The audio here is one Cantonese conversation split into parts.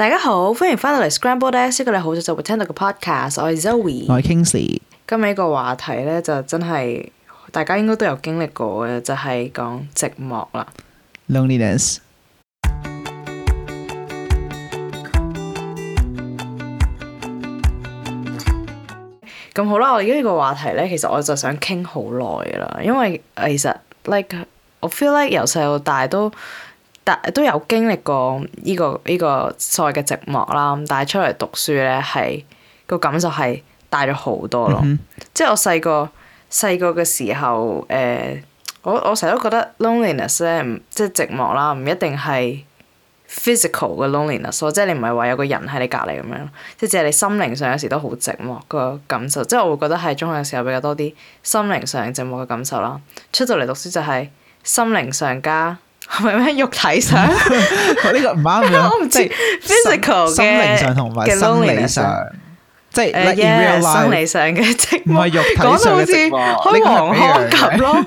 大家好，歡迎翻到嚟 Scramble d 咧，識到你好早就會聽到個 podcast，我係 Zoe，我係 k i n g s y 今日一個話題咧，就真係大家應該都有經歷過嘅，就係、是、講寂寞啦。loneliness。咁好啦，我而家呢個話題呢，其實我就想傾好耐啦，因為其實 like 我 feel like 由細到大都。但都有經歷過呢、呢個呢、呢個所謂嘅寂寞啦，但係出嚟讀書咧，係個感受係大咗好多咯。Mm hmm. 即係我細個細個嘅時候，誒、呃，我我成日都覺得 loneliness 咧，唔即係寂寞啦，唔一定係 physical 嘅 loneliness 咯，即係你唔係話有個人喺你隔離咁樣，即係只係你心靈上有時都好寂寞，嗰個感受。即係我會覺得喺中學嘅時候比較多啲心靈上寂寞嘅感受啦。出到嚟讀書就係、係、心靈上加。係咪咩肉體上？呢個唔啱我，唔知 physical 心靈上同埋心理上，即係 in real life 上嘅寂寞，講到好似好狂恐咁咯。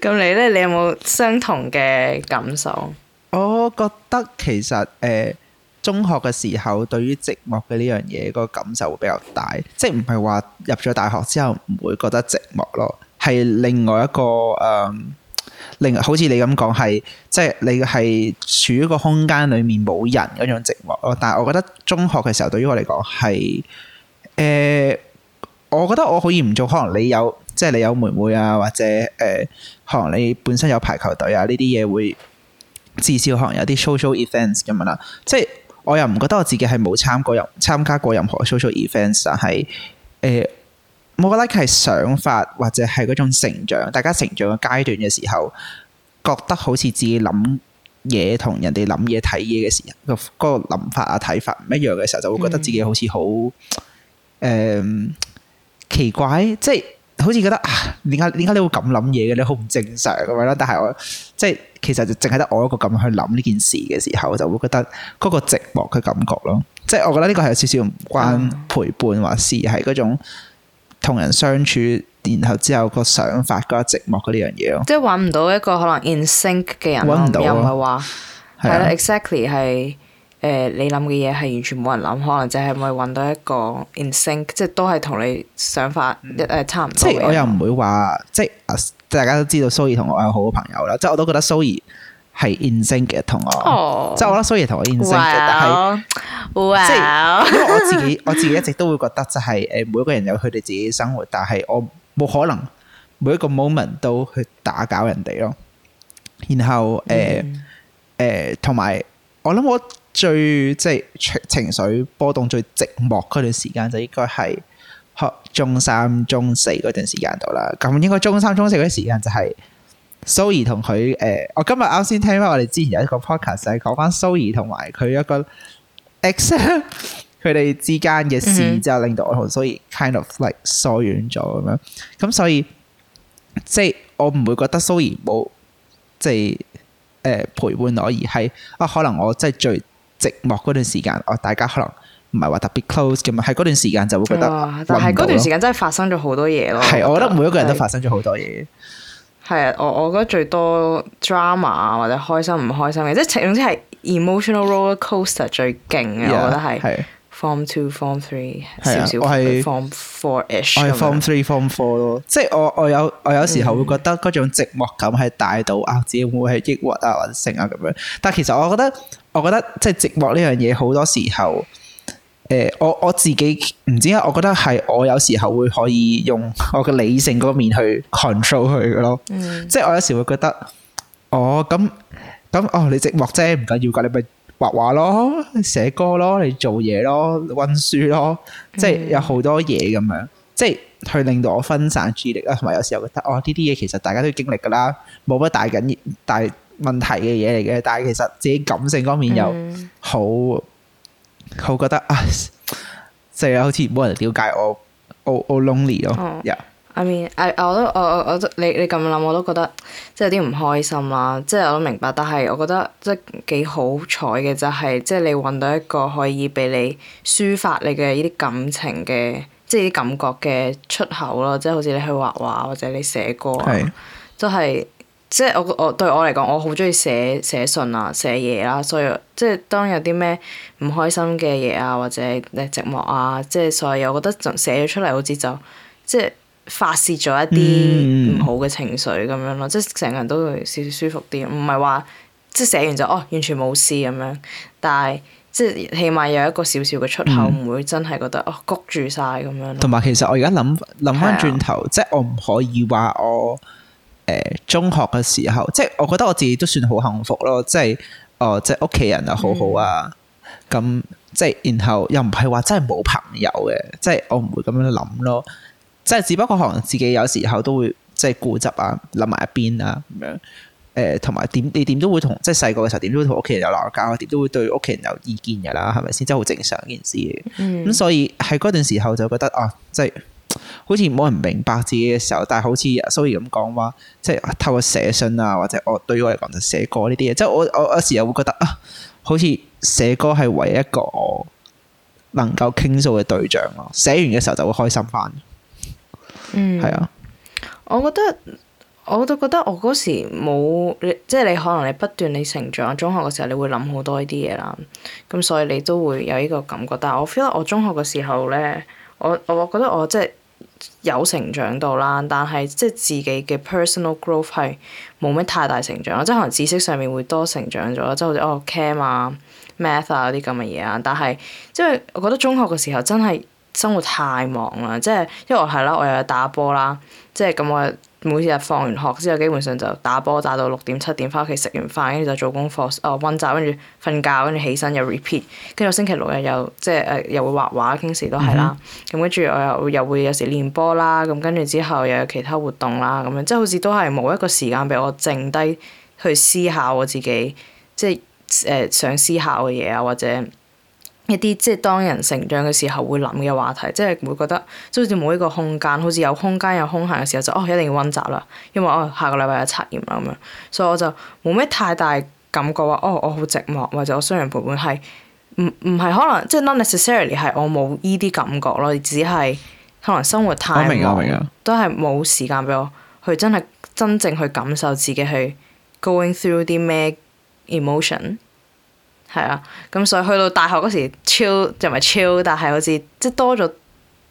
咁你咧，你有冇相同嘅感受？我覺得其實誒，中學嘅時候對於寂寞嘅呢樣嘢，個感受會比較大，即係唔係話入咗大學之後唔會覺得寂寞咯，係另外一個誒。另好似你咁講，係即係你係處於個空間裏面冇人嗰種寂寞咯。但係我覺得中學嘅時候對於我嚟講係，誒、呃，我覺得我可以唔做。可能你有，即係你有妹妹啊，或者誒、呃，可能你本身有排球隊啊呢啲嘢會至少可能有啲 social events 咁樣啦。即係我又唔覺得我自己係冇參過任參加過任何 social events，但係誒。呃我覺得佢係想法或者係嗰種成長，大家成長嘅階段嘅時候，覺得好似自己諗嘢同人哋諗嘢睇嘢嘅時候，嗰個嗰個諗法啊睇法唔一樣嘅時候，就會覺得自己好似好誒奇怪，即係好似覺得啊，點解點解你會咁諗嘢嘅？你好唔正常咁樣啦。但係我即係其實淨係得我一個咁去諗呢件事嘅時候，就會覺得嗰個寂寞嘅感覺咯。即係我覺得呢個係有少少唔關陪伴或是，係嗰種。同人相處，然後之後個想法、嗰、嗰個寂寞嗰呢樣嘢咯，即係揾唔到一個可能 in sync 嘅人，又唔係話係啦的的，exactly 係誒、呃、你諗嘅嘢係完全冇人諗，可能就係會揾到一個 in sync，即係都係同你想法一、呃、差唔多即。即係我又唔會話，即係啊，大家都知道 Zoe 同我係好好朋友啦，即係我都覺得 Zoe。係 e x 嘅同我，即係我諗所以同我 e x 嘅，但係即係因為我自己我自己一直都會覺得就係誒，每個人有佢哋自己嘅生活，但係我冇可能每一個 moment 都去打攪人哋咯。然後誒誒同埋我諗我最即係、就是、情緒波動最寂寞嗰段時間就應該係學中三中四嗰段時間度啦。咁應該中三中四嗰時間就係、是。蘇怡同佢誒，我今日啱先聽翻我哋之前有一個 podcast 係講翻蘇怡同埋佢一個 ex，佢哋之間嘅事，就令到我同蘇怡 kind of like 疏遠咗咁樣。咁所以即係我唔會覺得蘇怡冇即係誒、呃、陪伴我，而係啊可能我真係最寂寞嗰段時間，我大家可能唔係話特別 close 咁樣，喺嗰段時間就會覺得、哦。但係嗰段時間真係發生咗好多嘢咯。係，我覺得每一個人都發生咗好多嘢。係啊，我我覺得最多 drama 啊，或者開心唔開心嘅，即係總之係 emotional roller coaster 最勁啊。Yeah, 我覺得係的 form two form three 的少少 form, 是 form four ish。我係 form three form four 咯，即係我我有我有時候會覺得嗰種寂寞感係大到啊，嗯、自己會係抑鬱啊或者剩啊咁樣。但係其實我覺得我覺得即係寂寞呢樣嘢好多時候。誒、呃，我我自己唔知啊，我覺得係我有時候會可以用我嘅理性嗰面，去 control 佢嘅咯，嗯、即係我有時會覺得，哦咁咁哦你寂寞啫，唔緊要噶，你咪畫畫咯，寫歌咯，你做嘢咯，溫書咯，即係有好多嘢咁樣，嗯、即係去令到我分散注意力啊，同埋有，有時候覺得哦呢啲嘢其實大家都經歷噶啦，冇乜大緊大問題嘅嘢嚟嘅，但係其實自己感性方面又好。嗯嗯我覺得啊，即係好似冇人了解我，我我 lonely 咯、哦。Yeah，I mean，我我都我我我都你你咁諗，我都覺得即係有啲唔開心啦、啊。即係我都明白，但係我覺得即係幾好彩嘅，就係、是、即係你揾到一個可以俾你抒發你嘅呢啲感情嘅、就是啊，即係啲感覺嘅出口咯。即係好似你去畫畫或者你寫歌、啊， 都係。即係我我對我嚟講，我好中意寫寫信啊，寫嘢啦、啊。所以即係當有啲咩唔開心嘅嘢啊，或者寂寞啊，即係所以我覺得寫就寫咗出嚟，好似就即係發泄咗一啲唔好嘅情緒咁樣咯、嗯。即係成個人都會少少舒服啲，唔係話即係寫完就哦完全冇事咁樣。但係即係起碼有一個少少嘅出口，唔會真係覺得、嗯、哦谷住晒咁樣。同埋其實我而家諗諗翻轉頭，即係的我唔可以話我。誒，中學嘅時候，即係我覺得我自己都算好幸福咯，即係，哦，即係屋企人又好好啊，咁即係，然後又唔係話真係冇朋友嘅，即係我唔會咁樣諗咯，即係只不過可能自己有時候都會即係固執啊，諗埋一邊啊，咁、嗯呃、樣，誒，同埋點你點都會同即係細個嘅時候點都會同屋企人有鬧交，點都會對屋企人有意見噶啦，係咪先？即係好正常一件事咁、嗯嗯、所以喺嗰段時候就覺得哦、啊，即係。好似冇人明白自己嘅時候，但係好似 Zoe 咁講話，即係透過寫信啊，或者我對我嚟講就寫歌呢啲嘢。即係我我有時又會覺得啊，好似寫歌係唯一一個能夠傾訴嘅對象咯。寫完嘅時候就會開心翻。嗯，係啊。我覺得，我都覺得我嗰時冇，即係你可能你不斷你成長，中學嘅時候你會諗好多呢啲嘢啦，咁所以你都會有呢個感覺。但係我 feel 我中學嘅時候咧，我我覺得我即係。有成長到啦，但係即係自己嘅 personal growth 係冇乜太大成長，即係可能知識上面會多成長咗，即係好似哦 Chem 啊、Math 啊嗰啲咁嘅嘢啊，但係即係我覺得中學嘅時候真係生活太忙啦，啦，即係因為我係啦，我又有打波啦，即係咁我。每次日放完學之後，基本上就打波打到六點七點，翻屋企食完飯，跟住就做功課，哦温習，跟住瞓覺，跟住起身又 repeat。跟住星期六日又即係誒、呃，又會畫畫，幾時都係啦。咁跟住我又又會有時練波啦，咁跟住之後又有其他活動啦，咁樣即係好似都係冇一個時間俾我靜低去思考我自己，即係誒、呃、想思考嘅嘢啊，或者。一啲即係當人成長嘅時候會諗嘅話題，即係會覺得即係好似冇一個空間，好似有空間有空閒嘅時候，就哦一定要温習啦，因為我、哦、下個禮拜有測驗啦咁樣，所以我就冇咩太大感覺話哦我好寂寞或者我需人陪伴係唔唔係可能即係、即係、not necessarily 係我冇依啲感覺咯，只係可能生活太明明啊，都係冇時間俾我，我，我去真係真正去感受自己去 going through 啲咩 emotion。係啊，咁所以去到大學嗰時 chill 又唔係 chill，但係好似即係多咗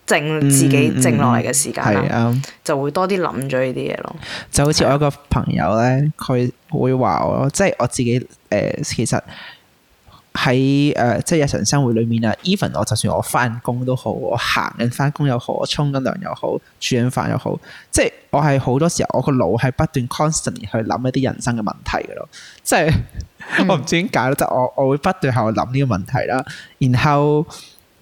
靜自己靜落嚟嘅時間、嗯嗯嗯、啊，就會多啲諗咗呢啲嘢咯。就好似我一個朋友咧，佢會話我，即係我自己誒、呃，其實喺誒、呃、即係日常生活裏面啊，even 我就算我翻工都好，我行緊翻工又好，我沖緊涼又好，煮緊飯又好，即係我係好多時候我個腦係不斷 constantly 去諗一啲人生嘅問題嘅咯，即係。嗯、我唔知點解咯，但係我我會不斷喺度諗呢個問題啦。然後誒、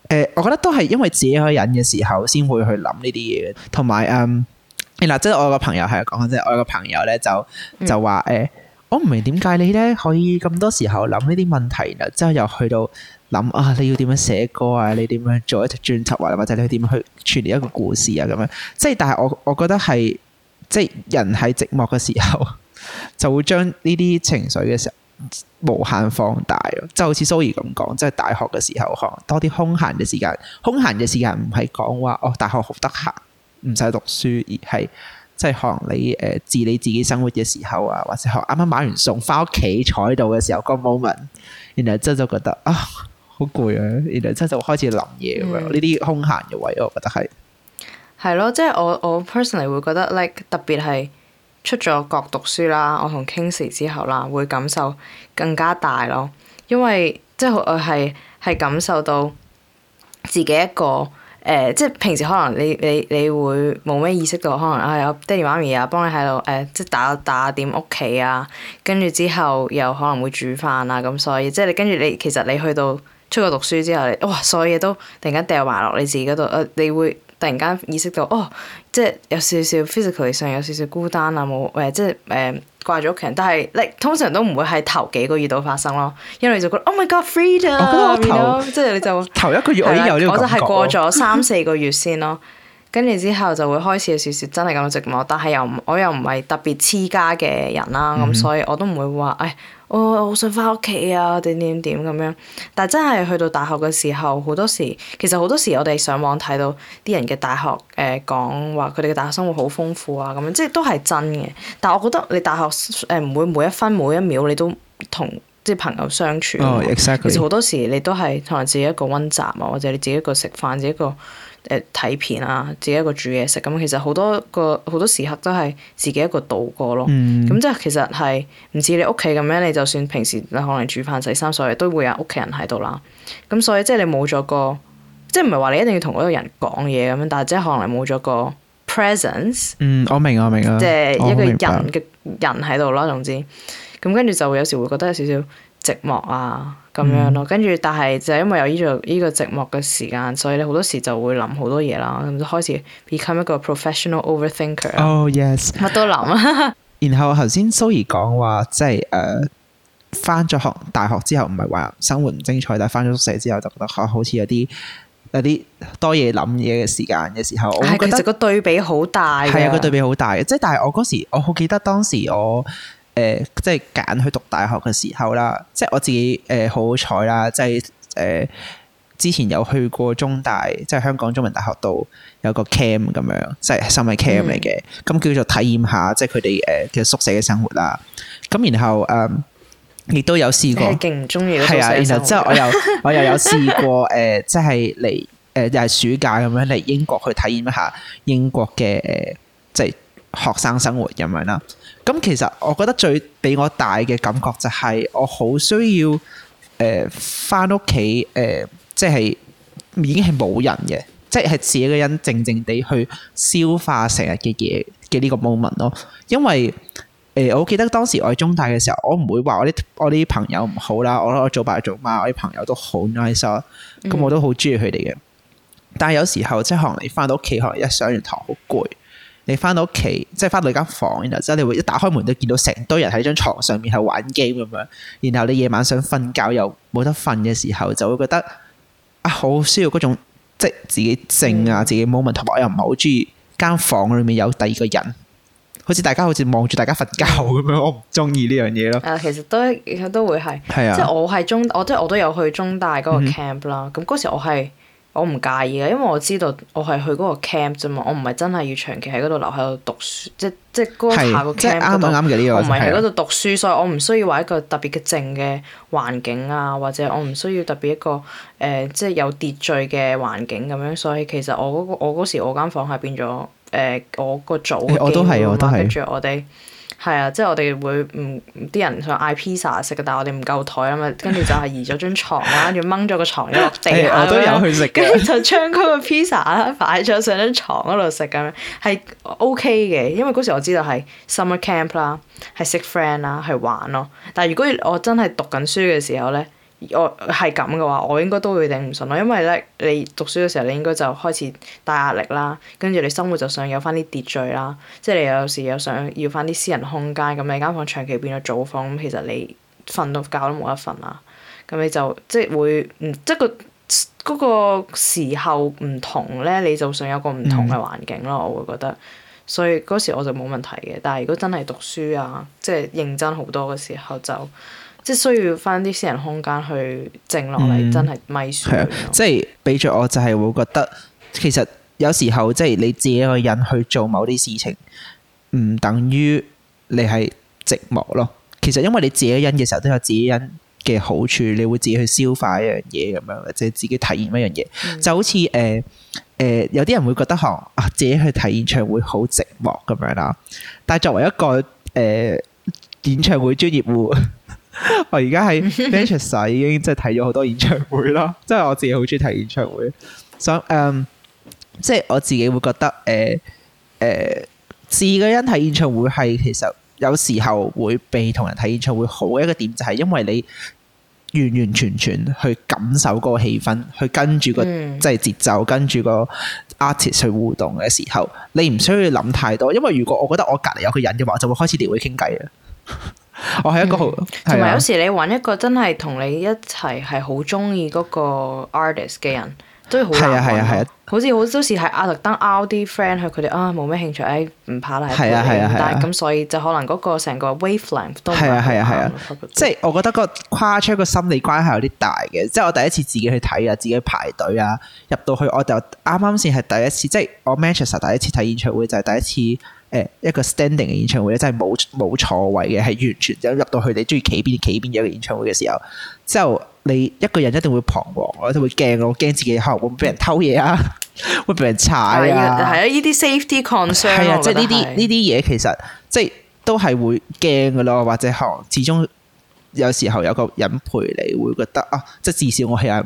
呃，我覺得都係因為自己一個人嘅時候，先會去諗呢啲嘢。同埋誒、嗱、嗯、即、就、係、是、我有個朋友係講即係我有個朋友咧就就話誒、呃，我唔明點解你咧可以咁多時候諗呢啲問題，然之後又去到諗啊，你要點樣寫歌啊，你點樣做一隻專輯啊，或者你點樣去處理一個故事啊咁樣。即係但係我我覺得係、即、就、係、是、人喺寂寞嘅時, 時候，就會將呢啲情緒嘅時候。無限放大咯，就好似 Zoe 咁講，即、就、係、是、大學嘅時候，可能多啲空閒嘅時間，空閒嘅時間唔係講話哦，大學好得閒，唔使讀書，而係即係可能你誒、呃、治理自己生活嘅時候啊，或者學啱啱買完餸翻屋企坐喺度嘅時候個 moment，然後真就覺得啊好攰啊，然後真就開始諗嘢咁樣，呢啲、嗯、空閒嘅位，我覺得係係咯，即係、就是、我我 personally 會覺得 like 特別係。出咗國讀書啦，我同 Kingsley 之後啦，會感受更加大咯，因為即係我係，係感受到自己一個誒、呃，即係平時可能你你你會冇咩意識到，可能啊有爹哋媽咪啊幫你喺度誒，即係打打點屋企啊，跟住之後又可能會煮飯啊咁，所以即係你跟住你其實你去到出國讀書之後，你哇！所有嘢都突然間掉埋落你自己嗰度，誒、呃，你會。突然間意識到，哦，即係有少少 physically 上有少少孤單啊，冇誒，即係誒，掛住屋企人。但係你通常都唔會係頭幾個月度發生咯，因為你就覺得 oh my god freedom 即係你就頭一個月我個、啊，我就係過咗三四個月先咯。 跟住之後就會開始有少少真係咁樣寂寞，但係又唔，我又唔係特別黐家嘅人啦，咁、mm hmm. 所以我都唔會話，誒，我好想翻屋企啊，點點點咁樣。但係真係去到大學嘅時候，好多時其實好多時我哋上網睇到啲人嘅大學誒講話，佢哋嘅大學生活好豐富啊，咁樣即係都係真嘅。但係我覺得你大學誒唔會每一分每一秒你都同即係朋友相處，Oh, exactly. 其實好多時你都係同自己一個温習啊，或者你自己一個食飯，自己一個。誒睇片啊，自己一個煮嘢食咁，其實好多個好多時刻都係自己一個度過咯。咁、嗯、即係其實係唔似你屋企咁樣，你就算平時你可能你煮飯、洗衫所有都會有屋企人喺度啦。咁所以即係你冇咗個，即係唔係話你一定要同嗰個人講嘢咁樣，但係即係可能你冇咗個 presence、嗯。我明我明啊。即係一個人嘅人喺度啦，總之咁跟住就會有時會覺得有少少寂寞啊。咁樣咯，跟住但係就係因為有呢個呢個寂寞嘅時間，所以咧好多時就會諗好多嘢啦，咁就開始 become 一個 professional overthinker，乜、oh, yes. 都諗 然後頭先 Zoe 講，話，即係誒翻咗學大學之後，唔係話生活唔精彩，但係翻咗宿舍之後就覺得好似有啲有啲多嘢諗嘢嘅時間嘅時候，係、哎、其實個對比好大，大，係啊個對比好大，即係但係我嗰時我好記得當時我。誒、呃，即係揀去讀大學嘅時候啦，即係我自己誒好好彩啦，即係誒、呃、之前有去過中大，即係香港中文大學度有個 cam 咁樣，即係 summer cam 嚟嘅，咁叫做體驗下，即係佢哋誒嘅宿舍嘅生活啦。咁然後誒亦、呃、都有試過，勁唔中意係啊。然後之後我又我又有試過誒，即係嚟誒又係暑假咁樣嚟英國去體驗一下英國嘅、呃、即係學生生活咁樣，樣啦。咁其實我覺得最俾我大嘅感覺就係我好需要誒返屋企誒，即係已經係冇人嘅，即係自己一個人靜靜地去消化成日嘅嘢嘅呢個 moment 咯。因為誒、呃，我記得當時我喺中大嘅時候，我唔會話我啲我啲朋友唔好啦，我我做爸爸做媽媽，我啲朋友都好 nice 啊，咁我都好中意佢哋嘅。但係有時候即係可能你返到屋企，可能一上完堂好攰。你翻到屋企，即係翻到你間房，然後即係你會一打開門都見到成堆人喺張床上面係玩 game 咁樣，然後你夜晚想瞓覺又冇得瞓嘅時候，就會覺得啊好需要嗰種即係自己靜啊，自己冇問題。我又唔係好中意間房裏面有第二個人，好似大家好似望住大家瞓覺咁樣，我唔中意呢樣嘢咯。誒、啊，其實都其實都會係，係啊，即係我係中，我即係我都有去中大嗰個 camp 啦。咁嗰、嗯、時我係。我唔介意嘅，因為我知道我係去嗰個 camp 啫嘛，我唔係真係要長期喺嗰度留喺度讀書，即即嗰下個 camp 嗰度，啱啱我唔係喺嗰度讀書，所以我唔需要話一個特別嘅靜嘅環境啊，或者我唔需要特別一個誒、呃、即有秩序嘅環境咁、啊、樣，所以其實我嗰個我嗰時我間房係變咗誒我個組，我都係、啊欸、我都跟住我哋。我係啊，即係我哋會唔啲人想嗌 pizza 食嘅，但係我哋唔夠枱啊嘛，跟住就係移咗張床啦，跟住掹咗個牀一落地啊，就將嗰個 pizza 啦，擺咗上張床嗰度食咁樣，係 OK 嘅，因為嗰時我知道係 summer camp 啦，係識 friend 啦，去玩咯。但係如果我真係讀緊書嘅時候咧。我係咁嘅話，我應該都會頂唔順咯，因為咧，你讀書嘅時候，你應該就開始大壓力啦，跟住你生活就想有翻啲秩序啦，即係你有時又想要翻啲私人空間，咁你間房長期變咗組房，咁其實你瞓到覺都冇得瞓啦，咁你就即係會，嗯，即個嗰、嗰個時候唔同咧，你就想有個唔同嘅環境咯，嗯、我會覺得。所以嗰時我就冇問題嘅，但係如果真係讀書啊，即係認真好多嘅時候就。即需要翻啲私人空間去靜落嚟，嗯、真係咪算？即係俾著我，就係、是、會覺得其實有時候即係、就是、你自己一個人去做某啲事情，唔等於你係寂寞咯。其實因為你自己一個人嘅時候都有自己一個人嘅好處，你會自己去消化一樣嘢咁樣，或者自己體驗一樣嘢。嗯、就好似誒誒，有啲人會覺得、呃、自己去睇演唱會好寂寞咁樣啦。但係作為一個誒、呃、演唱會專業戶。 我而家喺 v t u 已經即係睇咗好多演唱會啦，即係我自己好中意睇演唱會。所、so, um, 即係我自己會覺得，誒、呃、誒，自、呃、己人睇演唱會係其實有時候會比同人睇演唱會好一個點，就係、是、因為你完完全全去感受嗰個氣氛，去跟住個即係節奏，跟住個 artist 去互動嘅時候，你唔需要諗太多。因為如果我覺得我隔籬有個人嘅話，就會開始撩佢傾偈啊。 我係一個好，同埋有時你揾一個真係同你一齊係好中意嗰個 artist 嘅人都好難係啊係啊係啊，好似好多時係阿特登 Out 啲 friend，去佢哋啊冇咩興趣，誒唔怕啦，係啊係啊，但係咁所以就可能嗰個成個 wavelength 都唔係咁係啊係啊係啊，即係我覺得個跨出個心理關係有啲大嘅。即係我第一次自己去睇啊，自己去排隊啊，入到去我就啱啱先係第一次，即係我 Manchester 第一次睇演唱會就係第一次。誒一個 standing 嘅演唱會咧，真係冇冇坐位嘅，係完全想入到去你中意企邊企邊有一個演唱會嘅時候，之後你一個人一定會彷徨，一定會驚咯，驚自己可能會俾人偷嘢啊，會俾人踩啊，係啊，呢啲 safety concern 係啊，即係呢啲呢啲嘢其實即係都係會驚嘅咯，或者始終有時候有個人陪你會覺得啊，即係至少我係啊，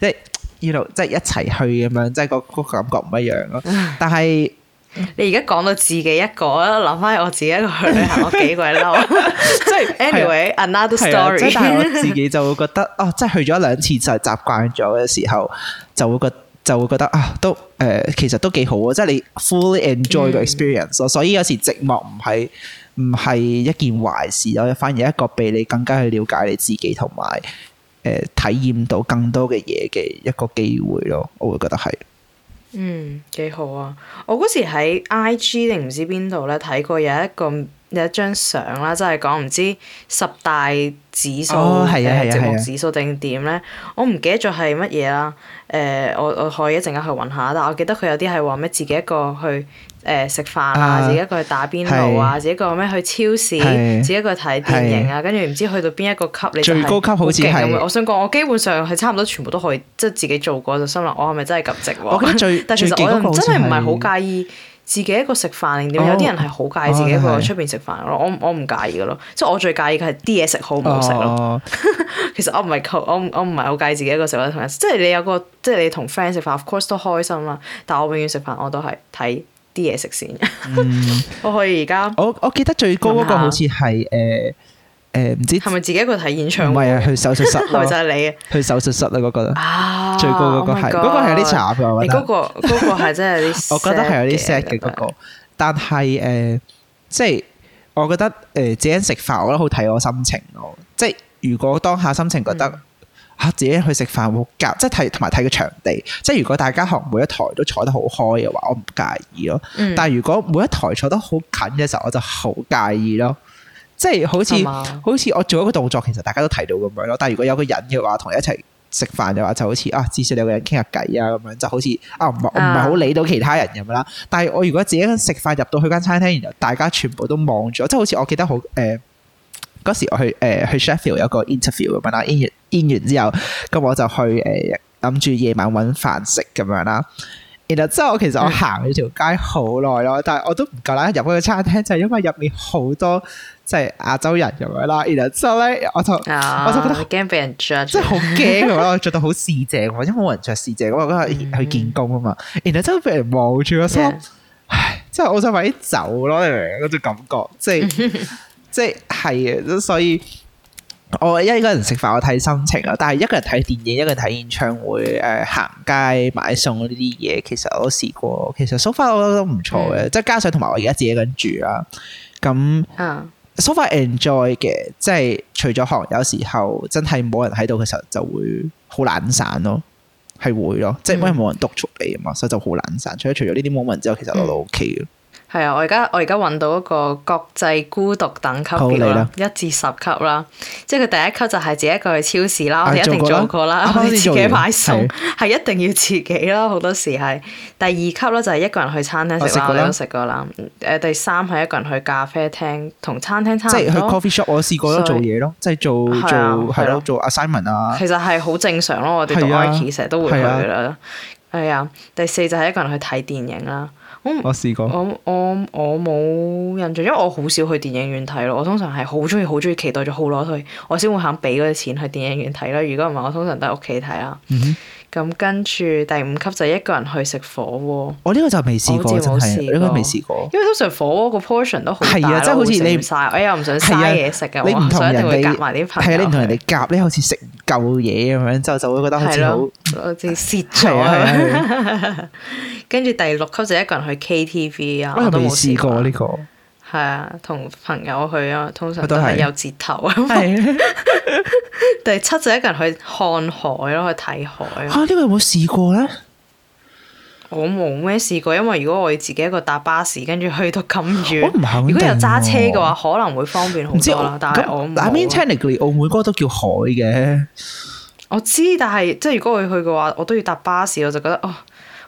即係呢度即係一齊去咁樣，即係個感覺唔一樣咯，但係。你而家講到自己一個，諗翻我自己一個去旅行，我幾鬼嬲。即係 anyway another story。但係我自己就會覺得，哦，即係去咗一兩次就習慣咗嘅時候，就會覺就會覺得啊，都誒、呃、其實都幾好啊，即係你 fully enjoy 個 experience，嗯。所以有時寂寞唔係唔係一件壞事咯，反而一個俾你更加去了解你自己同埋誒體驗到更多嘅嘢嘅一個機會咯，我會覺得係。嗯，幾好啊！我嗰時喺 IG 定唔知邊度咧睇過有一個有一張相啦，即係講唔知十大指數嘅，係呀，係呀，指數定點咧，我唔記得咗係乜嘢啦。誒、呃，我我可以一陣間去揾下，但我記得佢有啲係話咩自己一個去。誒食飯啊，自己一個去打邊爐啊，自己一個咩去超市，自己一個去睇電影啊，跟住唔知去到邊一個級，你最高級好似係，我想講我基本上係差唔多全部都可以，即係自己做過就心諗我係咪真係咁值喎？我覺得最，但其實我真係唔係好介意自己一個食飯定點？有啲人係好介意自己一個出邊食飯，我我唔介意嘅咯，即係我最介意嘅係啲嘢食好唔好食咯。其實我唔係，我我唔係好介意自己一個食咯，即係你有個即係你同 friend 食飯，of course 都開心啦。但我永遠食飯我都係睇。啲嘢食先，嗯、我可以而家。我我記得最高嗰個好似係誒誒，唔、呃呃、知係咪自己去睇演唱會？唔係啊，去手術室、啊。唔係就係你去手術室啦嗰個啊， 最高嗰個係嗰、oh、my 個係有啲慘嘅。你嗰、嗰個嗰覺、嗰個係真係有啲，我覺得係有啲 sad 嘅嗰個。但係誒，即係我覺得誒自己食飯，我都好睇我心情咯。即係如果當下心情覺得。嗯啊、自己去食飯好夾，即係睇同埋睇個場地。即係如果大家可能每一台都坐得好開嘅話，我唔介意咯。嗯、但係如果每一台坐得好近嘅時候，我就好介意咯。即係好似嗎好似我做一個動作，其實大家都睇到咁樣咯。但係如果有個人嘅話，同你一齊食飯嘅話，就好似啊，至少你有個人傾下偈啊咁樣，就好似啊唔係我唔係好理到其他人咁樣啦。啊、但係我如果自己食飯入到去間餐廳，然後大家全部都望住，即係好似我記得好誒。呃嗰時我去誒、呃、去 Sheffield 有個 interview，咁樣啦。in 完 in 完之後，咁我就去誒諗住夜晚揾飯食咁樣啦。然後之後我其實我行咗條街好耐咯，嗯、但係我都唔夠膽入嗰個餐廳就係、是、因為入面好多即係亞洲人咁樣啦。然後之後咧，我就、哦、我就覺得驚俾人 judge，即係好驚我着到好市正，因為冇人着市正。我嗰日去見工啊嘛。嗯、然後之後俾人望住我所以即係 Yeah. 我就快啲走咯，嗰種感覺即係。就是 即係啊，所以我一個人食飯我睇心情啊，但係一個人睇電影，一個人睇演唱會，誒、呃、行街買餸呢啲嘢，其實我試過，其實 so far 我覺得都唔錯嘅，mm. 即係加上同埋我而家自己一個人住啦，咁啊、uh. so far enjoy 嘅，即係除咗可能有時候真係冇人喺度嘅時候，就會好懶散咯，係會咯，即係因為冇人督促你啊嘛，mm. 所以就好懶散。除咗除咗呢啲 moment 之後，其實我都 OK 嘅。Mm. 係啊，我而家我而家揾到一個國際孤獨等級別一至十級啦。即係佢第一級就係自己一個去超市啦，我哋一定做過啦。自己買餸係一定要自己咯，好多時係。第二級咧，就係一個人去餐廳食飯，我都食過啦。誒，第三係一個人去咖啡廳同餐廳餐廳。即去 coffee shop，我試過做嘢咯，即係做做係咯，做 assignment 啊。其實係好正常咯，我哋 Ivy 成日都會去嘅。係啊，第四就係一個人去睇電影啦。我試過，我我我冇印象，因為我好少去電影院睇咯，我通常係好中意好中意期待咗好耐去我先會肯俾嗰啲錢去電影院睇咯。如果唔係，我通常都喺屋企睇啦。嗯咁跟住第五級就一個人去食火鍋，我呢個就未試過，真係呢個未試過。因為通常火鍋個 portion 都好大，真係好食唔曬，我又唔想嘥嘢食嘅。你唔想一定會夾埋啲朋友。係啊，你唔同人哋夾咧，好似食唔夠嘢咁樣，之後就會覺得好似好，好似蝕咗。跟住第六級就一個人去 KTV 啊，我都未試過呢個。係啊，同朋友去啊，通常都係有折頭啊。啊，第七隻一個人去看海咯，去睇海。啊。呢、呢個有冇試過咧？我冇咩試過，因為如果我自己一個搭巴士，跟住去到咁遠，如果有揸車嘅話，可能會方便好多。唔知但係我冇。But 澳門都叫海嘅。我知，但係即係如果我去嘅話，我都要搭巴士，我就覺得哦。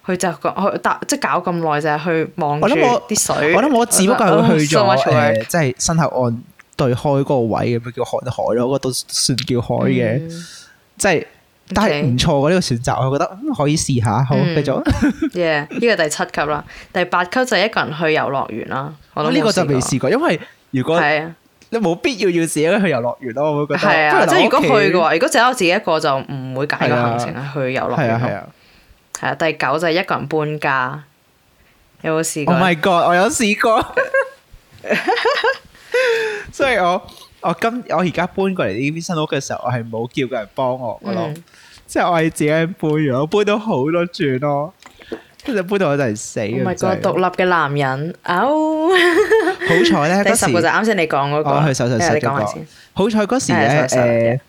佢就去即係搞咁耐就係去望我住啲水。我諗我只不過係去咗即係新口岸對開嗰個位嘅，咩叫海海咯，我覺得算叫海嘅，即係但係唔錯嘅呢個選擇。我覺得可以試下，好繼續。呢個第七級啦，第八級就一個人去遊樂園啦。我諗呢個就未試過，因為如果你冇必要要自己去遊樂園咯，我會覺得。係啊。即係如果去嘅話，如果只我自己一個就唔會揀個行程去遊樂園。係啊。係啊，第九就係一個人搬家，有冇試過？Oh my God！我有試過，即係我我今我而家搬過嚟呢邊新屋嘅時候，我係冇叫人幫我嘅咯，即係我係自己搬，然後搬到好多轉咯，跟住搬到我就係死。Oh my God！個獨立嘅男人，好彩咧！第十個就啱先你講嗰個，好彩嗰時咧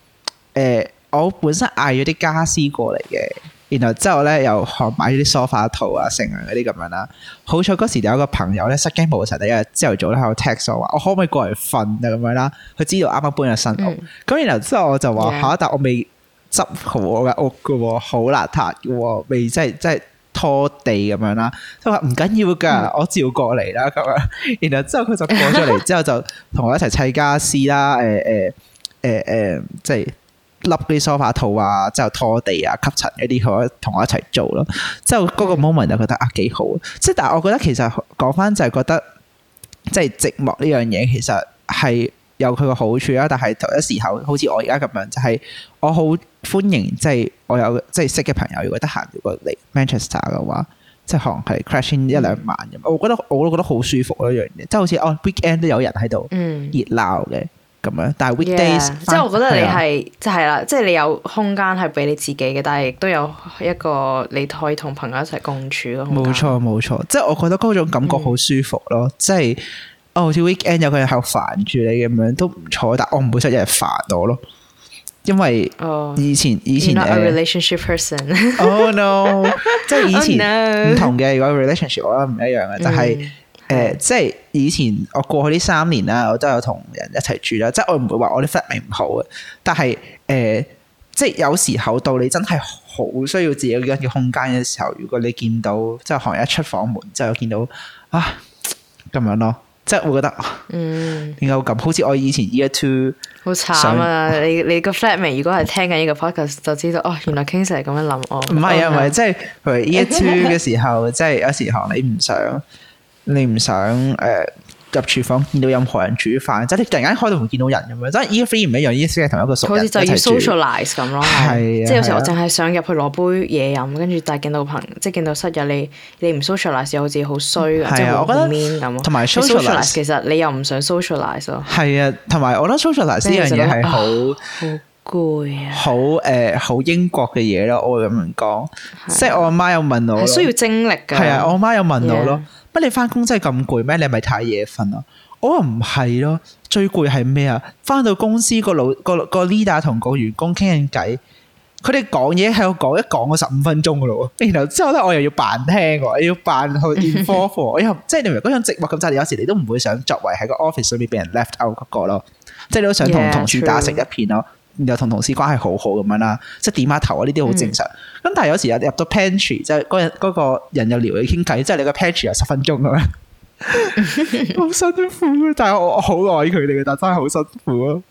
誒誒，我本身嗌咗啲傢俬過嚟嘅。然後之後咧又買啲梳化套啊、成人嗰啲咁樣啦。好彩嗰時有個朋友咧失驚無神，因為朝頭早咧喺度 text 我話：我可唔可以過嚟瞓啊？咁樣啦。佢知道啱啱搬咗新屋。咁、嗯、然後之後我就話 Yeah. 下一但我未執好的的我嘅屋嘅喎，好邋遢嘅喎，未真係真係拖地咁樣啦。佢話唔緊要㗎，嗯、我照過嚟啦咁樣。然後之後佢就過咗嚟， 之後就同我一齊砌家私啦。誒誒誒誒，即係。笠啲梳化套啊，之後拖地啊、吸塵嗰啲，佢同我一齊做咯。之後嗰個 moment 就覺得啊幾好。即係但係我覺得其實講翻就係覺得，即係寂寞呢樣嘢其實係有佢個好處啦、啊。但係同一時候，好似我而家咁樣，就係我好歡迎即係我有即係識嘅朋友，如果得閒如果嚟 Manchester 嘅話，即係可能係 crashing 一兩晚咁。嗯、我覺得我都覺得好舒服一樣嘢，即係好似哦 weekend 都有人喺度，熱鬧嘅。咁樣，但係 weekdays，、yeah, 即係我覺得你係、嗯就是，就係啦，即係你有空間係俾你自己嘅，但係亦都有一個你可以同朋友一齊共處咯。冇錯冇錯，即係我覺得嗰種感覺好舒服咯，嗯、即係哦，好、oh, 似 weekend 有個人喺度煩住你咁樣都唔錯，但我唔會想有人煩我咯。因為哦、oh,，以前以前 relationship person，oh no，即係以前唔同嘅如果 relationship，我覺得唔一樣嘅，但係、嗯就是。誒，uh, 即係以前我過去呢三年啦，我都有同人一齊住啦。即係我唔會話我啲 flat 明唔好嘅，但係誒，uh, 即係有時候到你真係好需要自己嘅空間嘅時候，如果你見到即係行一出房門，之後見到啊咁樣咯，即係會覺得嗯，然後咁好似我以前依 e two 好慘啊！ 你你個 flat 明如果係聽緊呢個 f o c u s 就知道哦，原來傾成係咁樣諗我唔係啊，唔係即係譬如依 a two 嘅時候，即係有時行你唔想。你唔想誒入廚房見到任何人煮飯，即係你突然間開到門見到人咁樣，即係依個 feel 唔一樣。而家係同一個熟人一齊住，好似就要 socialize 咁咯。係，即係有時我淨係想入去攞杯嘢飲，跟住但係見到朋，即係見到室友，你你唔 socialize 好似好衰嘅，即係好無面咁。同埋 socialize 其實你又唔想 socialize 咯。係啊，同埋我覺得 socialize 呢樣嘢係好好攰啊，好誒好英國嘅嘢咯。我會咁樣講，即係我阿媽有問我，需要精力㗎。係啊，我阿媽有問我咯。乜你翻工真係咁攰咩？你咪太夜瞓咯？我話唔係咯，最攰係咩啊？翻到公司個老個個 leader 同個員工傾緊偈，佢哋講嘢喺度講一講個十五分鐘噶咯，然後之後咧我又要扮聽喎，要扮去研科課，因為即係你唔係嗰種寂寞，咁即係有時你都唔會想作為喺個 office 裏邊俾人 left out 嗰個咯，即係你都想同同事打成一片咯。然後同同事關係好好咁樣啦，即係點下頭啊，呢啲好正常。咁但係有時入入到 pantry，即係嗰人個人又撩你傾偈，即係你個 pantry 有十分鐘咁樣， 好辛苦。但係我好愛佢哋嘅，但真係好辛苦咯。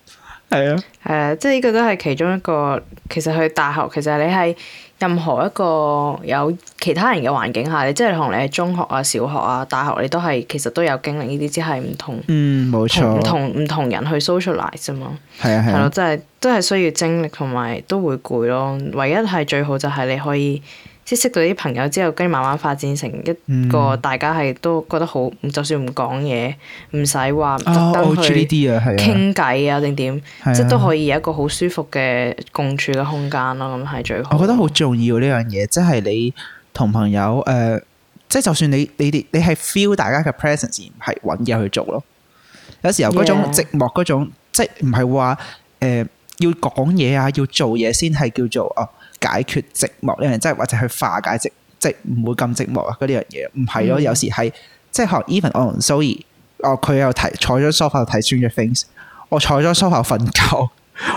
係啊，係啊，即係呢個都係其中一個。其實去大學，其實你係。任何一個有其他人嘅環境下，你即係同你喺中學啊、小學啊、大學，你都係其實都有經歷呢啲，只係唔同。嗯，冇錯。唔同唔同，同人去 socialize 啫嘛、啊。係啊係。係咯，即係都係需要精力同埋都會攰咯。唯一係最好就係你可以。即係識到啲朋友之後，跟住慢慢發展成一個大家係都覺得好，嗯、就算唔講嘢，唔使話特登去傾偈啊定點，即係都可以有一個好舒服嘅共處嘅空間咯。咁係最好。我覺得好重要呢樣嘢，即、就、係、是、你同朋友誒，即、呃、係就算你你哋你係 feel 大家嘅 presence，唔係搵嘢去做咯。有時候嗰種寂寞嗰種，Yeah. 即係唔係話誒要講嘢啊，要做嘢先係叫做哦。啊啊解決寂寞呢樣即係或者去化解寂寂，唔會咁寂寞啊！嗰啲樣嘢唔係咯，嗯、有時係即係學 even 我同 Zoe 哦，佢又睇坐咗 sofa 度睇 Stranger Things，我坐咗 sofa 瞓覺，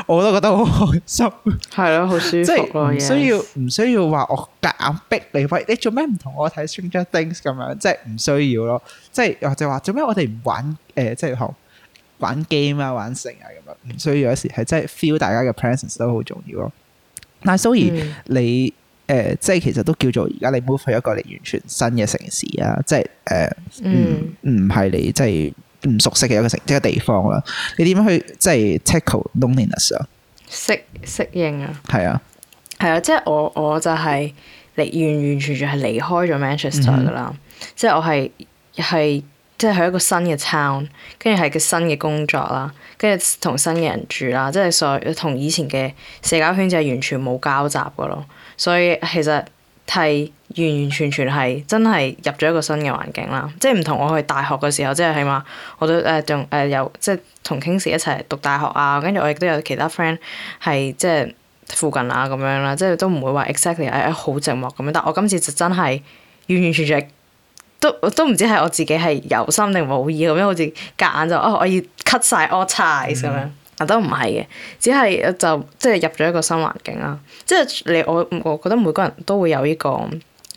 我都覺得好開心，係咯，好舒服即嘢需要唔 Yes. 需要話我夾硬逼你？喂，你做咩唔同我睇 Stranger Things 咁樣？即係唔需要咯，即係或者話做咩？我哋唔玩誒、呃，即係學玩 game 啊，玩成啊咁樣，唔需要有時係即係 feel 大家嘅 presence 都好重要咯。但係，Zoey、嗯、你誒，即、呃、係其實都叫做而家你 move 去一個你完全新嘅城市啊！即係誒，唔唔係你即係唔熟悉嘅一個城一個地方啦。你點樣去即係 tackle loneliness 啊？適適應啊？係是啊,啊，係、就、啊、是！即係我我就係你完完全全係離開咗 Manchester 噶啦、嗯，即、就、係、是、我係係。即係喺一個新嘅 town，跟住係個新嘅工作啦，跟住同新嘅人住啦，即係所同以前嘅社交圈子係完全冇交集嘅咯。所以其實係完完全全係真係入咗一個新嘅環境啦。即係唔同我去大學嘅時候，即係起碼我都誒仲誒有即係同 Kings 一齊讀大學啊，跟住我亦都有其他 friend 係即係附近啊咁樣啦。即係都唔會話 exactly 係、哎、哎哎、好寂寞咁樣。但我今次就真係完完全全。都都唔知係我自己係有心定冇意咁樣，好似夾硬，硬就哦，我要 cut 曬 all ties 咁樣、mm，啊、hmm. 都唔係嘅，只係就即係、就是、入咗一個新環境啦。即、就、係、是、你我我覺得每個人都會有呢個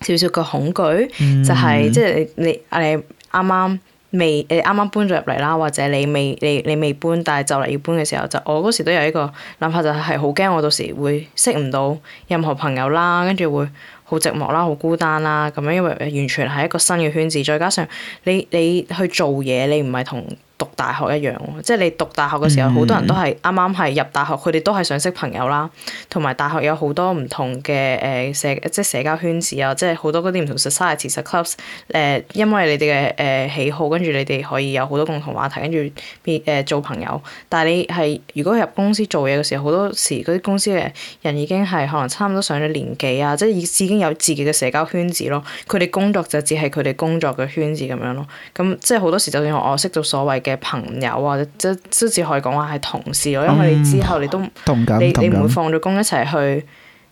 少少嘅恐懼，mm hmm. 就係即係你你你啱啱未你啱啱搬咗入嚟啦，或者你未你你未搬，但係就嚟要搬嘅時候，就我嗰時都有一個諗法，就係好驚我到時會識唔到任何朋友啦，跟住會。好寂寞啦，好孤單啦，咁樣因為完全係一個新嘅圈子，再加上你你去做嘢，你唔係同。讀大學一樣喎，即係你讀大學嘅時候，好、嗯、多人都係啱啱係入大學，佢哋都係想識朋友啦。同埋大學有好多唔同嘅誒社，即係社交圈子啊，即係好多嗰啲唔同 society、clubs 誒，因為你哋嘅誒喜好，跟住你哋可以有好多共同話題，跟住變誒做朋友。但係你係如果入公司做嘢嘅時候，好多時嗰啲公司嘅人已經係可能差唔多上咗年紀啊，即係已經有自己嘅社交圈子咯。佢哋工作就只係佢哋工作嘅圈子咁樣咯。咁即係好多時，就算我識到所謂。嘅朋友啊，即即只可以講話係同事咯，因為你之後，你都感你感你唔會放咗工一齊去誒、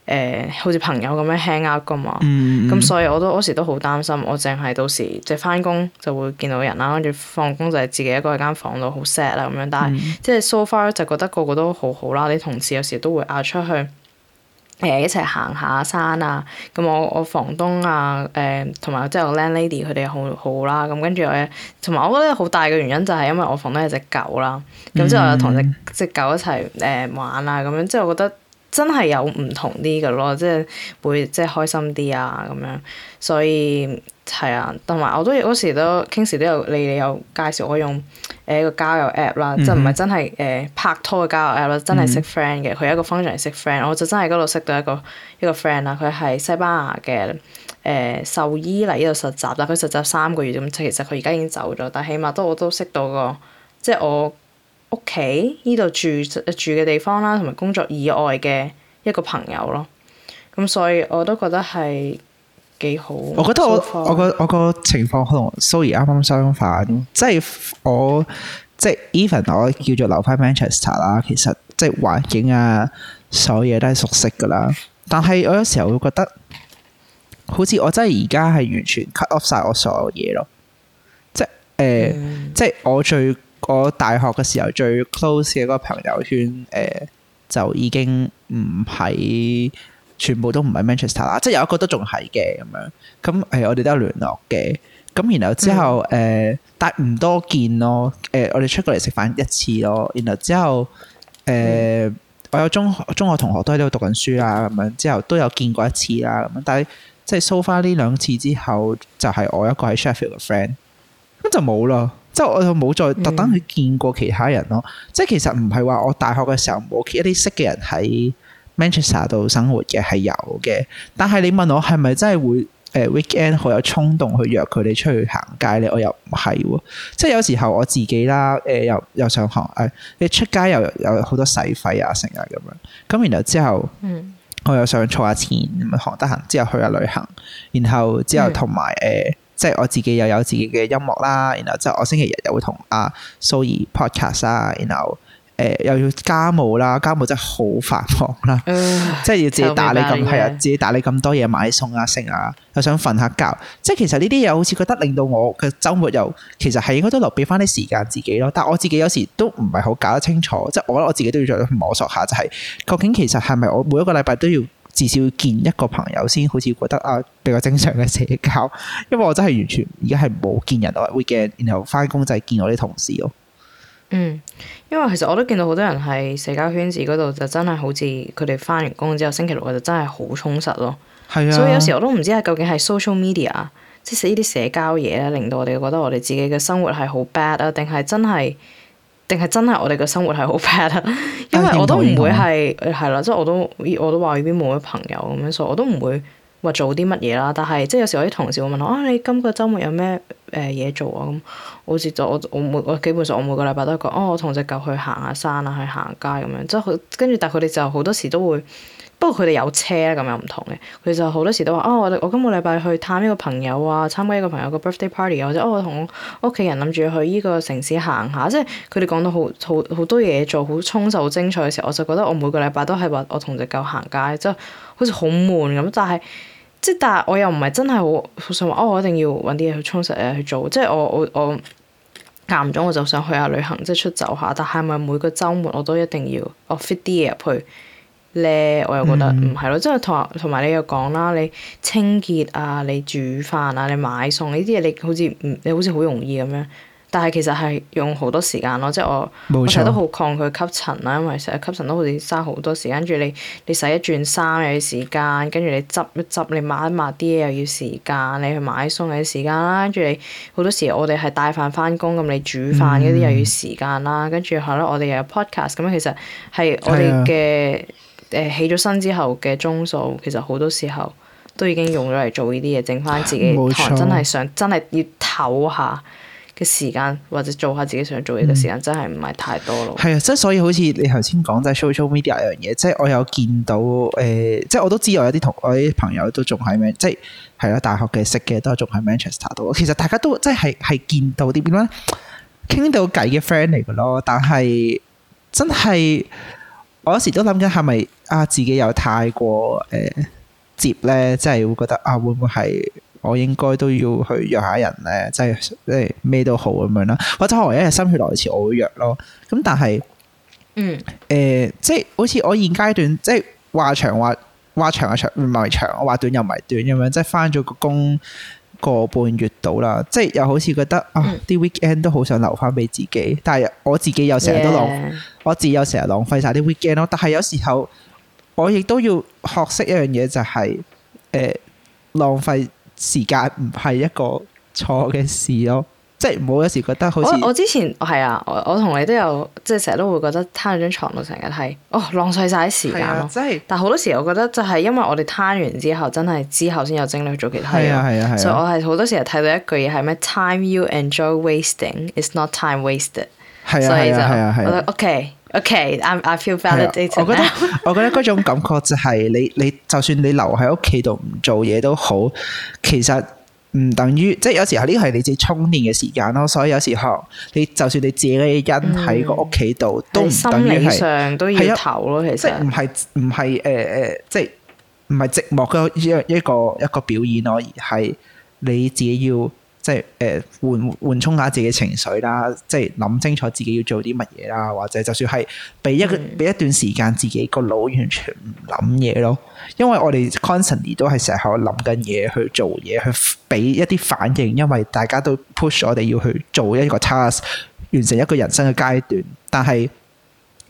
呃，好似朋友咁樣 hang out 噶嘛。咁、嗯嗯、所以我都嗰時都好擔心，我淨係，到時即係，翻、就、工、是、就會見到人啦，跟住放工就係自己一個喺間房度好 sad 啦。咁樣。但係，嗯、即係 so far 就覺得個個都好好啦，你同事有時都會嗌出去。誒一齊行下山啊！咁我我房東啊誒同埋即係我 land lady 佢哋好好啦，咁，跟住我咧同埋我覺得好大嘅原因就係因為我房東有隻狗啦，咁之、嗯、後又同隻隻狗一齊誒、呃、玩啊咁樣，即係我覺得。真係有唔同啲嘅咯，即係會即係開心啲啊咁樣，所以係啊，同埋我都嗰時都傾時都有你哋有介紹我用誒一個交友 app 啦，嗯、哼即係唔係真係誒、呃、拍拖嘅交友 app 啦，真係識 friend 嘅。佢、嗯、哼一個 function 嚟識 friend，我就真係嗰度識到一個一個 friend 啦。佢係西班牙嘅誒、呃、獸醫嚟呢度實習啦。佢實習三個月咁，其實佢而家已經走咗，但係起碼都我都，我都識到個即係我。屋企呢度住住嘅地方啦，同埋工作以外嘅一個朋友咯。咁所以我都覺得係幾好。我覺得我服我個我個情況同 Zoe 啱啱相反，即係我即係 even 我叫做留翻 Manchester 啦，其實即係環境啊，所有嘢都係熟悉噶啦。但係我有時候會覺得，好似我真係而家係完全 cut off 晒我所有嘢咯。即係誒、呃嗯、即係我最。我大學嘅時候最 close 嘅嗰個朋友圈，誒、呃、就已經唔喺，全部都唔喺 Manchester 啦。即係有一個都仲係嘅咁樣，咁誒、欸、我哋都有聯絡嘅。咁然後之後誒、嗯呃，但係唔多見咯。誒、呃、我哋出過嚟食飯一次咯。然後之後誒、呃，我有中學中學同學都喺度讀緊書啦。咁樣，之後都有見過一次啦咁樣。但係即係 so far 呢兩次之後，就係、是、我一個喺 Sheffield 嘅 friend，咁就冇咯。即係我又冇再特登去見過其他人咯。嗯、即係其實唔係話我大學嘅時候冇一啲識嘅人喺 Manchester 度生活嘅，係有嘅。但係你問我係咪真係會誒、呃、weekend 好有衝動去約佢哋出去行街咧？我又唔係喎。即係有時候我自己啦誒、呃、又又上學誒，你、哎、出街又有好多使費啊成日咁樣。咁然後之後，嗯，我又想儲下錢咁行得閒之後去下旅行，然後之後同埋誒。呃嗯即係我自己又有自己嘅音樂啦，然後即係我星期日又會同阿 Sorry Podcast 啊，然後誒又要家務啦，家務真係好繁忙啦，嗯、即係要自己打理咁係啊， 自己打理咁多嘢買餸啊，剩啊，又想瞓下覺，即係其實呢啲嘢好似覺得令到我嘅周末又其實係應該都留俾翻啲時間自己咯，但係我自己有時都唔係好搞得清楚，即係我覺得我自己都要再摸索下，就係、是、究竟其實係咪我每一個禮拜都要？至少見一個朋友先，好似覺得啊比較正常嘅社交，因為我真係完全而家係冇見人咯。weekend 然後翻工就係見我啲同事咯。嗯，因為其實我都見到好多人喺社交圈子嗰度就真係好似佢哋翻完工之後星期六就真係好充實咯。係啊，所以有時我都唔知係究竟係 social media 即係呢啲社交嘢咧、就是，令到我哋覺得我哋自己嘅生活係好 bad 啊，定係真係？定係真係我哋嘅生活係好 bad 啊！ 因為我都唔會係，係啦，即 係樂我都我都話呢邊冇乜朋友咁樣，所以我都唔會話做啲乜嘢啦。但係即係有時我啲同事會問我啊，你今個周末有咩誒嘢做啊？咁好似就我我每我基本上我每個禮拜都係講哦，我同隻狗去行下山啊，去行街咁樣。即佢跟住，但係佢哋就好多時都會。不過佢哋有車啊，咁又唔同嘅。佢就好多時都話：哦，我我今個禮拜去探一個朋友啊，參加一個朋友嘅 birthday party 啊，或者哦，我同屋企人諗住去呢個城市行下。即係佢哋講到好好好多嘢做，好充實，好精彩嘅時候，我就覺得我每個禮拜都係話我同隻狗行街，即係好似好悶咁。但係即但係我又唔係真係好好想話：哦，我一定要揾啲嘢去充實去做。即係我我我間唔中我就想去下旅行，即係出走下。但係咪每個周末我都一定要我 fit 啲嘢入去？咧，我又覺得唔係咯，嗯、即係同同埋你又講啦，你清潔啊，你煮飯啊，你買餸呢啲嘢，你好似唔你好似好容易咁樣，但係其實係用好多時間咯，即係我冇錯我成日都好抗拒吸塵啦，因為成日吸塵都好似嘥好多時間，跟住你你洗一轉衫又要時間，跟住你執一執你抹一抹啲嘢又要時間，你去買餸又要時間啦，跟住你好多時我哋係帶飯翻工咁，你煮飯嗰啲又要時間啦，跟住係咯，我哋又有 podcast 咁樣，其實係我哋嘅、嗯。起咗身之後嘅鐘數，其實好多時候都已經用咗嚟做呢啲嘢，整翻自己台真係想真係要唞下嘅時間，沒錯 或者做下自己想做嘢嘅時間，嗯、真係唔係太多咯。係啊，即係所以好似你頭先講即係 social media 一樣嘢，即係我有見到誒、呃，即係我都知道我有啲同我啲朋友都仲喺，即係係咯大學嘅識嘅都仲喺 Manchester 度。其實大家都即係係見到啲點咧，傾到偈嘅 friend 嚟嘅咯，但係真係。我有時都諗緊係咪啊，自己又太過誒接咧，即係會覺得啊，會唔會係我應該都要去約下人咧？即係誒咩都好咁樣啦。或者我唯一日心血來潮，我會約咯。咁但係嗯誒、呃，即係好似我現階段即係話長話話長長唔係長，話短又唔係短咁樣，即係返咗個工，個半月到啦，即係又好似覺得、嗯、啊，啲 weekend 都好想留翻俾自己，但係我自己又成日都浪，Yeah. 我自己又成日浪費晒啲 weekend 咯。但係有時候我亦都要學識一樣嘢，就係、是、誒、呃、浪費時間唔係一個錯嘅事咯。即係冇有時覺得好似我之前係啊，我同你都有，即係成日都會覺得攤喺張床度，成日係哦浪費晒啲時間咯，即係。但好多時我覺得就係因為我哋攤完之後，真係之後先有精力去做其他嘢。係啊係啊係啊。所以我係好多時係睇到一句嘢係咩？Time you enjoy wasting is not time wasted。係啊，所以就係係啊。Okay okay I feel validated。我覺得我覺得嗰種感覺就係你你就算你留喺屋企度唔做嘢都好，其實。唔等於即係有時候呢個係你自己充電嘅時間咯，所以有時候你就算你自己一個人喺個屋企度，嗯、都唔等於係，上都係一頭咯，其實即係唔係，唔係誒誒，即係唔係寂寞嘅一一個一個表演咯，而係你自己要。即係誒緩緩衝下自己情緒啦，即係諗清楚自己要做啲乜嘢啦，或者就算係俾一個俾、嗯、一段時間自己個腦完全唔諗嘢咯，因為我哋 constantly 都係成日喺度諗緊嘢去做嘢，去俾一啲反應，因為大家都 push 我哋要去做一個 task，完成一個人生嘅階段，但係。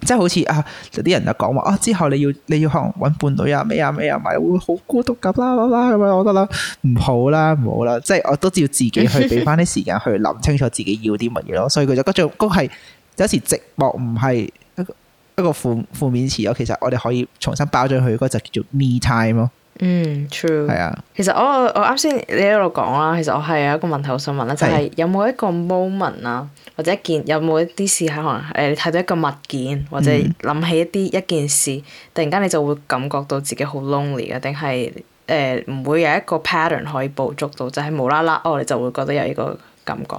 即係好似啊，啲人就講話啊，之後你要你要可能揾伴侶啊，咩啊咩啊，咪、啊、會好孤獨咁啦啦啦，咁我覺得啦，唔好啦，唔好啦。即係、啊就是、我都要自己去俾翻啲時間去諗清楚自己要啲乜嘢咯。所以佢就嗰種嗰係有時寂寞唔係一個一個負面詞咯。其實我哋可以重新包咗佢嗰就叫做 me time 咯、嗯。嗯，true。係啊，其剛剛，其實我我啱先你喺度講啦，其實我係有一個問題想問啦，就係、是、有冇一個 moment 啊？或者一件有冇一啲事係可能誒你睇到一個物件，或者諗起一啲一件事，突然間你就會感覺到自己好 lonely 啊，定係誒唔會有一個 pattern 可以捕捉到，就係無啦啦，我哋就會覺得有呢個感覺？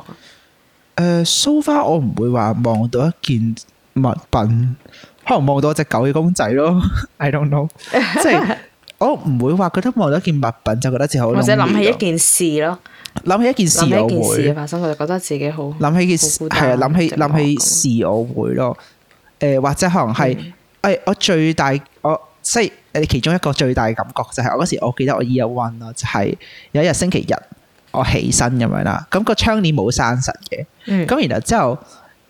誒，so far 我唔會話望到一件物品，可能望到隻狗嘅公仔咯，I don't know，即係。我唔會話覺得望到一件物品就覺得自己好，或者諗起一件事咯，諗起一件事件事嘅發生，我就覺得自己好諗起件事，係諗起諗起事我會咯。誒，或者可能係誒、嗯哎，我最大我即係誒其中一個最大感覺就係、是、我嗰時我記得我 year one 啦，就係有一日星期日我起身咁樣啦，咁、那個窗簾冇閂實嘅，咁、嗯、然後之後誒誒誒。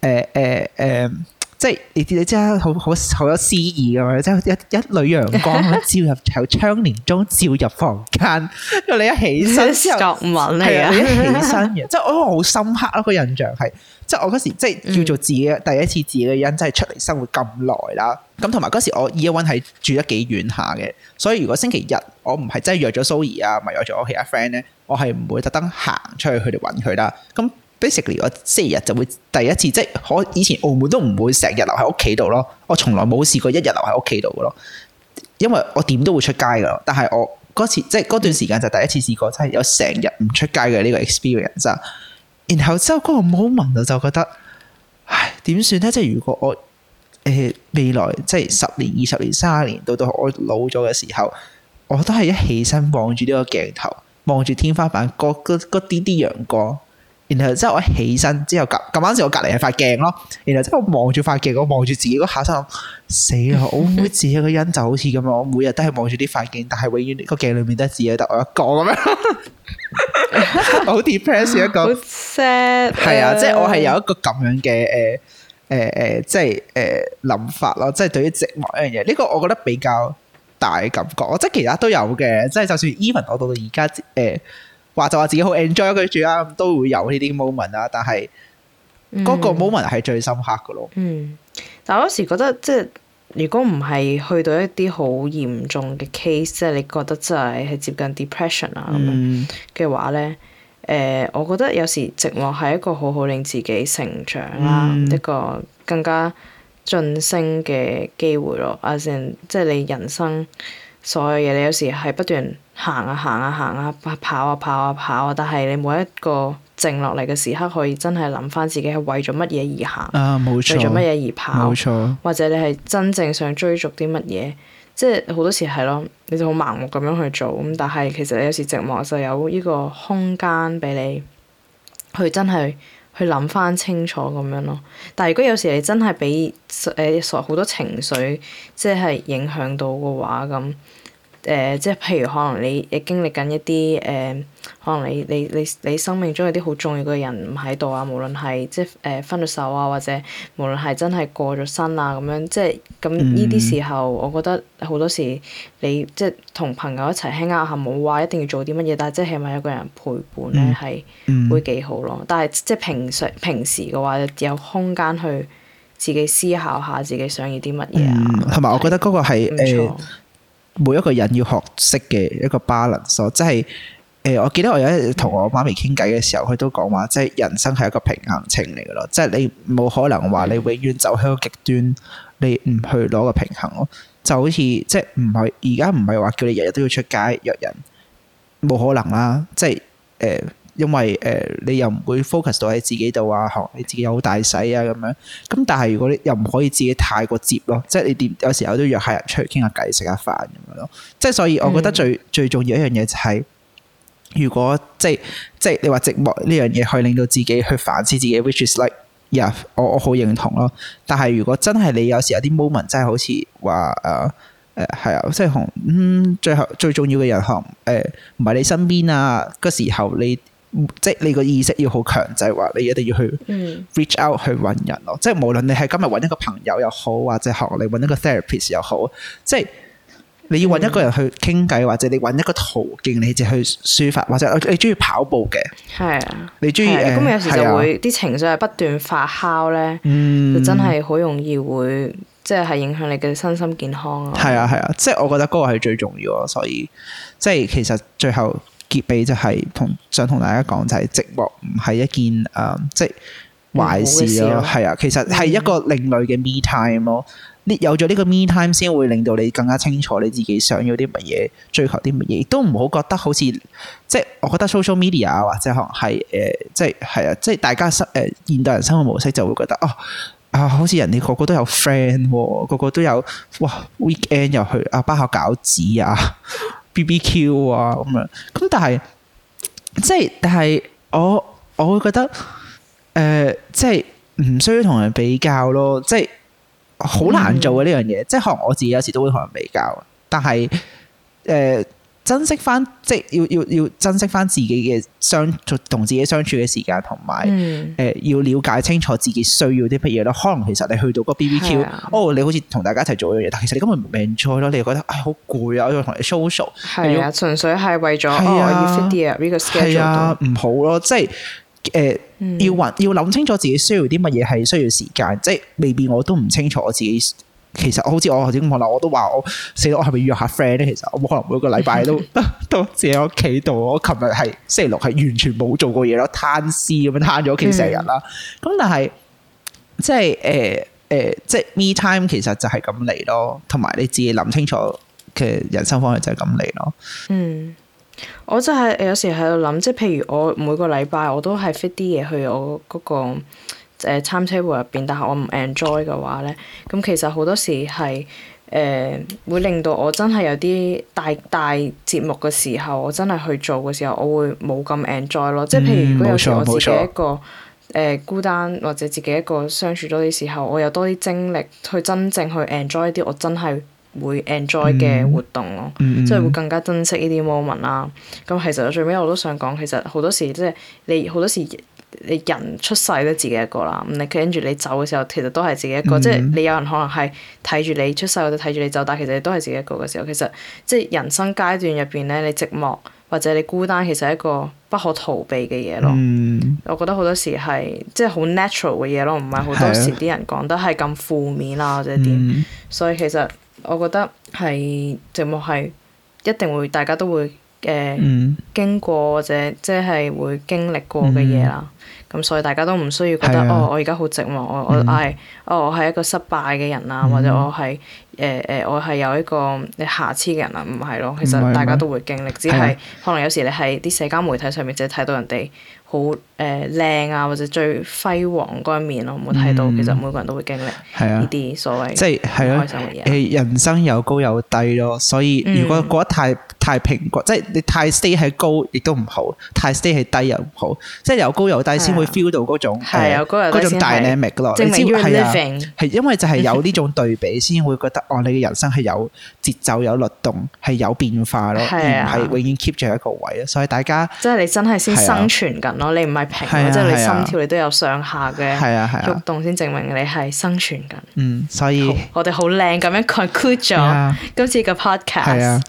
呃呃呃呃呃即係你知，你知係好好好有詩意嘅嘛，即係一一縷陽光照入由 窗簾中照入房間，因為你一起身作文嚟啊！ 一起身嘅，即係我好深刻啊、這個印象係，即係我嗰時即係叫做自己第一次自己嘅人真係出嚟生活咁耐啦。咁同埋嗰時我 Evan 係住得幾遠下嘅，所以如果星期日我唔係真係約咗 Sue 啊，咪約咗其他 friend 咧，我係唔會特登行出去佢哋揾佢啦。咁。Basically，我星期日就會第一次即係我以前澳門都唔會成日留喺屋企度咯，我從來冇試過一日留喺屋企度嘅咯。因為我點都會出街嘅，但係我嗰次即係嗰段時間就第一次試過，真係有成日唔出街嘅呢個 experience 然。然之後嗰個 moment 我就覺得，唉點算呢？即係如果我誒、呃、未來即係十年、二十年、三十年，到到我老咗嘅時候，我都係一起身望住呢個鏡頭，望住天花板嗰啲啲陽光。然後之後我起身之後，咁啱時我隔籬係塊鏡咯。然後之後我望住塊鏡，我望住自己個下身，死啦！我自己個人就好似咁樣！我每日都係望住啲塊鏡，但係永遠個鏡裏面都係自己得我一個咁樣，好 depress 一個，好 sad。係啊，即係我係有一個咁樣嘅誒誒誒，即係誒諗法咯。即係對於寂寞一樣嘢，呢個我覺得比較大感覺。我即係其他都有嘅，即係就算 even 我到到而家，誒。話就話自己好 enjoy 佢住啦，都會有呢啲 moment 啦，但係嗰個 moment 係最深刻嘅咯。嗯，但我有時覺得即係如果唔係去到一啲好嚴重嘅 case，即係你覺得真係係接近 depression 啊咁嘅、嗯、話咧，誒、呃，我覺得有時寂寞係一個好好令自己成長啦，嗯、一個更加晉升嘅機會咯。啊即係你人生所有嘢，你有時係不斷。行啊行啊行啊，跑啊跑啊跑啊！但係你每一個靜落嚟嘅時刻，可以真係諗翻自己係為咗乜嘢而行，啊、為咗乜嘢而跑，冇錯，或者你係真正想追逐啲乜嘢？即係好多時係咯，你就好盲目咁樣去做咁。但係其實你有時寂寞就有呢個空間俾你去真係去諗翻清楚咁樣咯。但係如果有時你真係俾誒好多情緒，即係影響到嘅話咁。誒、呃，即係譬如可能你，你經歷緊一啲誒、呃，可能你你你你生命中有啲好重要嘅人唔喺度啊，無論係即係誒分咗手啊，或者無論係真係過咗身啊，咁樣即係咁呢啲時候，我覺得好多時你、嗯、你即係同朋友一齊傾偈下，冇話一定要做啲乜嘢，但係即係起碼有個人陪伴咧，係會幾好咯。嗯、但係即係平常平時嘅話，有空間去自己思考下自己想要啲乜嘢啊。同埋、嗯、我覺得嗰個係每一個人要學識嘅一個 balance，即係，誒，我記得我有一日同我媽咪傾偈嘅時候，佢都講話，即係人生係一個平衡秤嚟噶咯，即係你冇可能話你永遠走向個極端，你唔去攞個平衡咯，就好似即係唔係而家唔係話叫你日日都要出街約人，冇可能啦，即係，誒。因為誒、呃，你又唔會 focus 到喺自己度啊，學你自己有好大使啊咁樣。咁但係如果你又唔可以自己太過接咯，即係你點有時候都約下人出去傾下偈、食下飯咁樣咯。即係所以，我覺得最、嗯、最重要一樣嘢就係、是，如果即係即係你話寂寞呢樣嘢，可以令到自己去反思自己，which is like yes，yeah，我我好認同咯。但係如果真係你有時有啲 moment 真係好似話誒誒係啊，即係同嗯最後最重要嘅人可能誒唔係你身邊啊嘅時候你。即係你個意識要好強制，話、就是、你一定要去 reach out 去搵人咯。即係無論你係今日搵一個朋友又好，或者學你搵一個 therapist 又好，即係你要搵一個人去傾偈，或者你搵一個途徑你至去抒發，或者你中意跑步嘅，係、嗯、啊，你中意咁有時就會啲、啊、情緒係不斷發酵咧，嗯，就真係好容易會即係、就是、影響你嘅身心健康、嗯、啊。係啊係啊，啊啊啊啊啊即係我覺得嗰個係最重要咯。所以即係其實最後。結尾就係同想同大家講就係、是、寂寞唔係一件誒、嗯、即係壞事咯，係、嗯、啊，其實係一個另類嘅 me time 咯。呢有咗呢個 me time 先會令到你更加清楚你自己想要啲乜嘢，追求啲乜嘢，都唔好覺得好似即係我覺得 social media、啊、或者可能係誒、呃、即係係啊，即係大家生誒、呃、現代人生活模式就會覺得哦啊，好似人哋、啊、個個都有 friend，個個都有哇 weekend 又去啊包下餃子啊～ BBQ 啊，咁樣，咁但係即係，但係我我會覺得誒，即係唔需要同人比較咯，即係好難做嘅呢樣嘢。嗯、即係可能我自己有時都會同人比較，但係誒。呃珍惜翻，即係要要要珍惜翻自己嘅相，同自己相處嘅時間，同埋誒，要了解清楚自己需要啲乜嘢咯。可能其實你去到個 BBQ、啊、哦，你好似同大家一齊做嘢，但係其實你根本唔明錯咯。你覺得唉好攰啊，我要同你 social。係啊，純粹係為咗哦，要 fit 啲啊呢個 schedule 唔好咯。即係誒、呃嗯，要運要諗清楚自己需要啲乜嘢係需要時間。即係未必我都唔清楚我自己。其實好似我頭先講啦，我都話我死咗我係咪約下 friend 咧？其實我冇可能每個禮拜都 都自己喺屋企度。我琴日係星期六係完全冇做過嘢咯，癱屍咁樣癱咗屋企成日啦。咁、嗯、但係即係誒誒，即係、呃、me time 其實就係咁嚟咯。同埋你自己諗清楚嘅人生方向就係咁嚟咯。嗯，我就係有時喺度諗，即係譬如我每個禮拜我都係 fit 啲嘢去我嗰個。誒 timetable 入邊，但係我唔 enjoy 嘅話咧，咁其實好多時係誒、呃、會令到我真係有啲大大節目嘅時候，我真係去做嘅時候，我會冇咁 enjoy 咯。即係譬如，如果有時我自己一個誒孤單，或者自己一個相處多啲時候，我又多啲精力去真正去 enjoy 一啲我真係會 enjoy 嘅活動咯，嗯嗯、即係會更加珍惜呢啲 moment 啦。咁其實最尾我都想講，其實好多時即係你好多時。你人出世都自己一個啦，你跟住你走嘅時候，其實都係自己一個。Mm hmm. 即係你有人可能係睇住你出世或者睇住你走，但係其實都係自己一個嘅時候。其實即係人生階段入邊咧，你寂寞或者你孤單，其實係一個不可逃避嘅嘢咯。Mm hmm. 我覺得好多時係即係好 natural 嘅嘢咯，唔係好多時啲人講得係咁負面啊或者點。Mm hmm. 所以其實我覺得係寂寞係一定會大家都會。嘅、呃嗯、經過或者即係會經歷過嘅嘢啦，咁、嗯、所以大家都唔需要覺得、嗯、哦，我而家好寂寞，我我唉、嗯哎，哦我係一個失敗嘅人啊，嗯、或者我係誒誒我係有一個你瑕疵嘅人啊，唔係咯，其實大家都會經歷，只係是是可能有時你喺啲社交媒體上面就睇到人哋好。誒靚啊，或者最輝煌嗰一面咯，冇睇到。其實每個人都會經歷呢啲所謂好開心嘅嘢。誒人生有高有低咯，所以如果過得太太平過，即係你太 stay 喺高亦都唔好，太 stay 喺低又唔好。即係有高有低先會 feel 到嗰種係啊，嗰種大嘅 dynamic 咯。你知唔知係因為就係有呢種對比，先會覺得哦，你嘅人生係有節奏、有律動、係有變化咯，而唔係永遠 keep 住一個位。所以大家即係你真係先生存緊咯，你唔係。平平啊，即係你心跳，你都有上下嘅，喐動先證明你係生存緊。嗯、啊，啊、好所以我哋好靚咁樣 conclude 咗，啊、今次嘅 podcast，啊。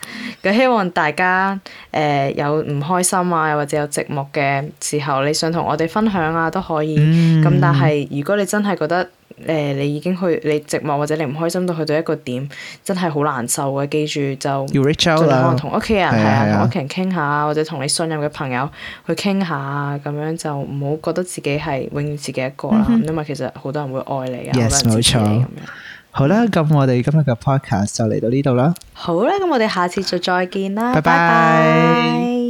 咁希望大家誒、呃、有唔開心啊，又或者有寂寞嘅時候，你想同我哋分享啊都可以。咁、嗯、但係如果你真係覺得，誒，你已經去，你寂寞或者你唔開心到去到一個點，真係好難受嘅。記住就，'re Rachel，就可能同屋企人係啊，同屋企人傾下，的或者同你信任嘅朋友去傾下啊，咁樣就唔好覺得自己係永遠自己一個啦。嗯、哼因為其實好多人會愛你啊，冇錯。好啦，咁我哋今日嘅 podcast 就嚟到呢度啦。好啦，咁我哋下次就再見啦。拜拜。